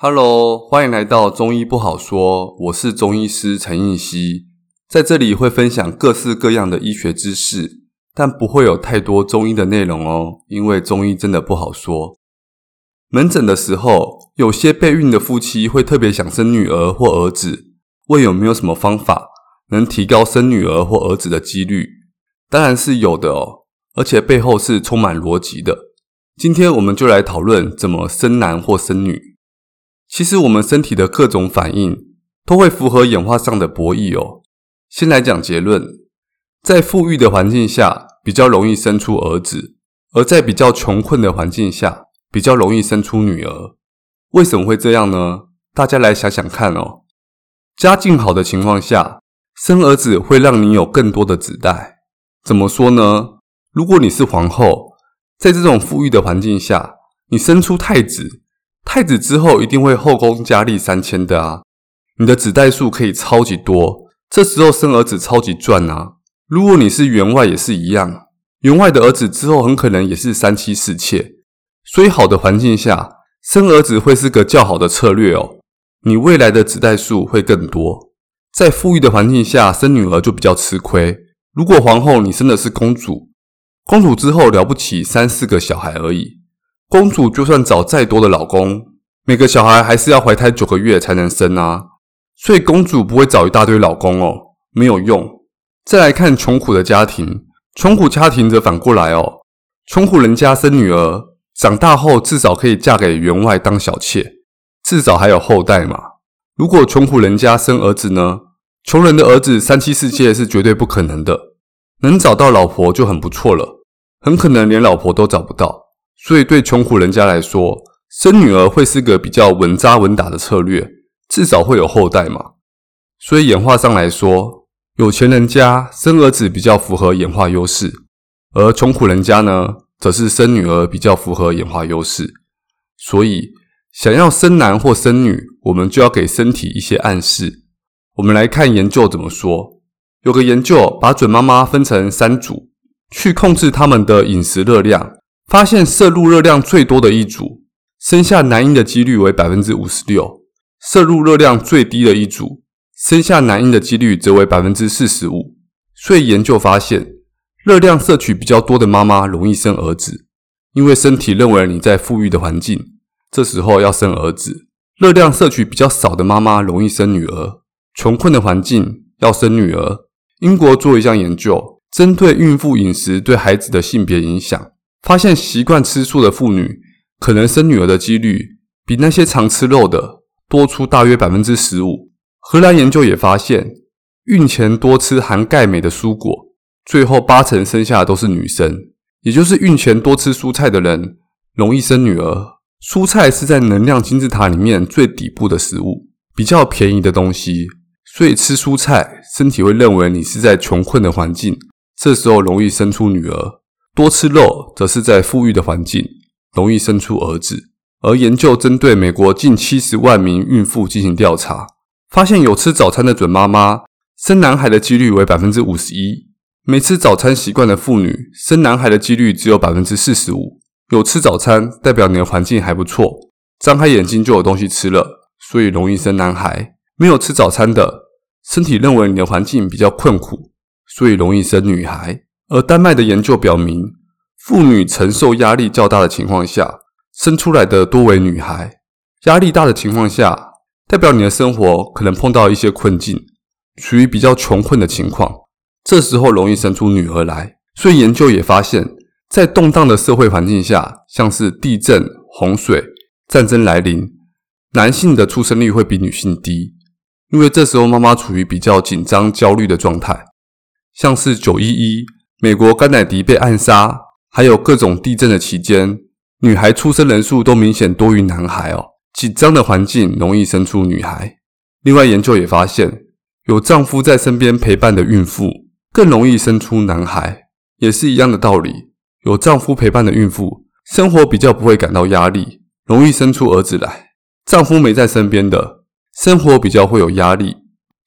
哈嘍，歡迎來到中醫不好說。我是中醫師陳映希，在這裡會分享各式各樣的醫學知識，但不會有太多中醫的內容哦，因為中醫真的不好說。門診的時候，有些備孕的夫妻會特別想生女兒或兒子，問有沒有什麼方法能提高生女兒或兒子的幾率？當然是有的哦，而且背後是充滿邏輯的。今天我們就來討論怎麼生男或生女。其實我們身體的各種反應都會符合演化上的博弈哦。先來講結論，在富裕的環境下比較容易生出兒子，而在比較窮困的環境下比較容易生出女兒。為什麼會這樣呢？大家來想想看哦。家境好的情況下，生兒子會讓你有更多的子代。怎麼說呢？如果你是皇後，在這種富裕的環境下，你生出太子。太子之後一定會後宮佳麗三千的啊，你的子代數可以超級多，這時候生兒子超級賺啊。如果你是員外也是一樣，員外的兒子之後很可能也是三妻四妾，所以好的環境下生兒子會是個較好的策略哦。你未來的子代數會更多，在富裕的環境下生女兒就比較吃虧。如果皇后你生的是公主，公主之後了不起三四個小孩而已。公主就算找再多的老公，每個小孩還是要懷胎九個月才能生啊，所以公主不會找一大堆老公哦，沒有用。再來看窮苦的家庭，窮苦家庭則反過來哦，窮苦人家生女兒，長大後至少可以嫁給員外當小妾，至少還有後代嘛。如果窮苦人家生兒子呢，窮人的兒子三妻四妾是絕對不可能的，能找到老婆就很不錯了，很可能連老婆都找不到。所以，對窮苦人家來說，生女兒會是個比較穩紮穩打的策略，至少會有後代嘛。所以，演化上來說，有錢人家生兒子比較符合演化優勢，而窮苦人家呢，則是生女兒比較符合演化優勢。所以，想要生男或生女，我們就要給身體一些暗示。我們來看研究怎麼說。有個研究把準媽媽分成三組，去控制她們的飲食熱量。發現攝入熱量最多的一組生下男嬰的幾率為百分之五十六，攝入熱量最低的一組生下男嬰的幾率則為百分之四十五。所以研究發現，熱量攝取比較多的媽媽容易生兒子，因為身體認為你在富裕的環境，這時候要生兒子；熱量攝取比較少的媽媽容易生女兒，窮困的環境要生女兒。英國做了一項研究，針對孕婦飲食對孩子的性別影響。發現習慣吃素的婦女，可能生女兒的幾率比那些常吃肉的多出大約百分之十五。荷蘭研究也發現，孕前多吃含鈣鎂的蔬果，最後八成生下的都是女生，也就是孕前多吃蔬菜的人容易生女兒。蔬菜是在能量金字塔裡面最底部的食物，比較便宜的東西，所以吃蔬菜，身體會認為你是在窮困的環境，這時候容易生出女兒。多吃肉，則是在富裕的環境，容易生出兒子。而研究針對美國近七十萬名孕婦進行調查，發現有吃早餐的準媽媽，生男孩的機率為百分之五十一；沒吃早餐習慣的婦女，生男孩的機率只有百分之四十五。有吃早餐，代表你的環境還不錯，張開眼睛就有東西吃了，所以容易生男孩。沒有吃早餐的，身體認為你的環境比較困苦，所以容易生女孩。而丹麥的研究表明，婦女承受壓力較大的情況下，生出來的多為女孩。壓力大的情況下，代表你的生活可能碰到一些困境，處於比較窮困的情況，這時候容易生出女兒來。所以研究也發現，在動盪的社會環境下，像是地震、洪水、戰爭來臨，男性的出生率會比女性低，因為這時候媽媽處於比較緊張、焦慮的狀態，像是九一一。美國甘乃迪被暗殺，還有各種地震的期間，女孩出生人數都明顯多於男孩哦。緊張的環境容易生出女孩。另外，研究也發現，有丈夫在身邊陪伴的孕婦更容易生出男孩，也是一樣的道理。有丈夫陪伴的孕婦，生活比較不會感到壓力，容易生出兒子來。丈夫沒在身邊的，生活比較會有壓力，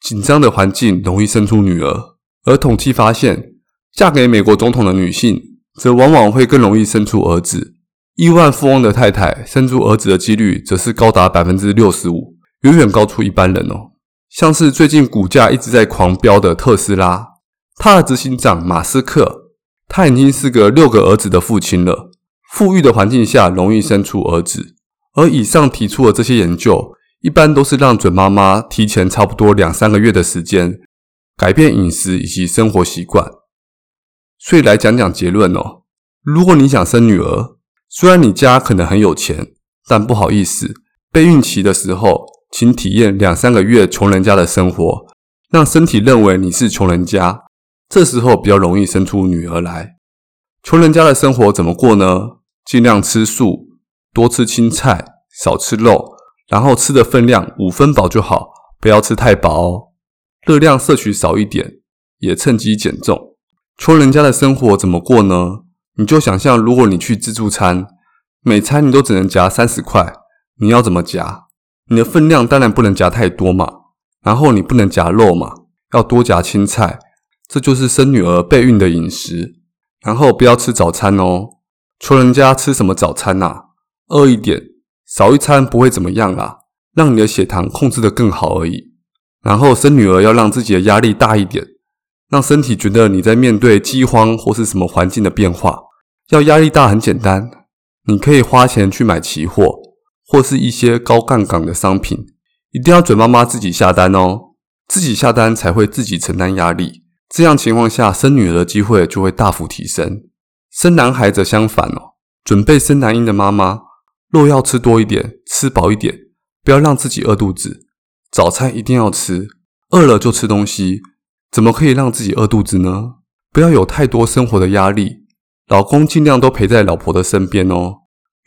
緊張的環境容易生出女兒。而統計發現，嫁給美國總統的女性，則往往會更容易生出兒子；億萬富翁的太太生出兒子的幾率，則是高達百分之六十五，遠遠高出一般人哦。像是最近股價一直在狂飆的特斯拉，它的執行長馬斯克，他已經是個六個兒子的父親了。富裕的環境下，容易生出兒子。而以上提出的這些研究，一般都是讓準媽媽提前差不多兩三個月的時間，改變飲食以及生活習慣。所以來講講結論哦。如果你想生女兒，雖然你家可能很有錢，但不好意思，備孕期的時候，請體驗兩三個月窮人家的生活，讓身體認為你是窮人家，這時候比較容易生出女兒來。窮人家的生活怎麼過呢？盡量吃素，多吃青菜，少吃肉，然後吃的分量五分飽就好，不要吃太飽哦。熱量攝取少一點，也趁機減重。窮人家的生活怎麼過呢？你就想象，如果你去自助餐，每餐你都只能夾三十塊，你要怎麼夾？你的分量當然不能夾太多嘛，然後你不能夾肉嘛，要多夾青菜，這就是生女兒備孕的飲食。然後不要吃早餐哦，窮人家吃什麼早餐啊？餓一點，少一餐不會怎麼樣啦、啊，讓你的血糖控制得更好而已。然後生女兒要讓自己的壓力大一點。讓身體覺得你在面對饑荒或是什麼環境的變化，要壓力大很簡單，你可以花錢去買期貨或是一些高槓桿的商品，一定要準媽媽自己下單哦，自己下單才會自己承擔壓力，這樣情況下生女兒的機會就會大幅提升。生男孩則相反哦，準備生男嬰的媽媽，肉要吃多一點，吃飽一點，不要讓自己餓肚子，早餐一定要吃，餓了就吃東西。怎麼可以讓自己餓肚子呢？不要有太多生活的壓力，老公儘量都陪在老婆的身邊哦。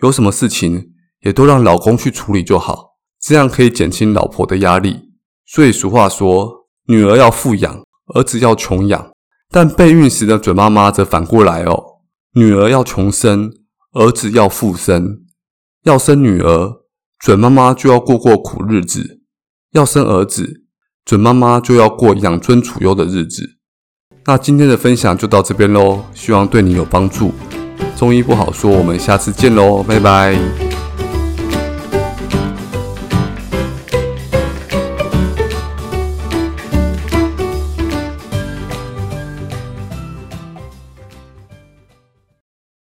有什麼事情也都讓老公去處理就好，這樣可以減輕老婆的壓力。所以俗話說，女兒要富養，兒子要窮養。但備孕時的準媽媽則反過來哦，女兒要窮生，兒子要富生。要生女兒，準媽媽就要過過苦日子；要生兒子。準媽媽就要過養尊處優的日子，那今天的分享就到這邊嘍，希望對你有幫助。中醫不好說，我們下次見嘍，拜拜。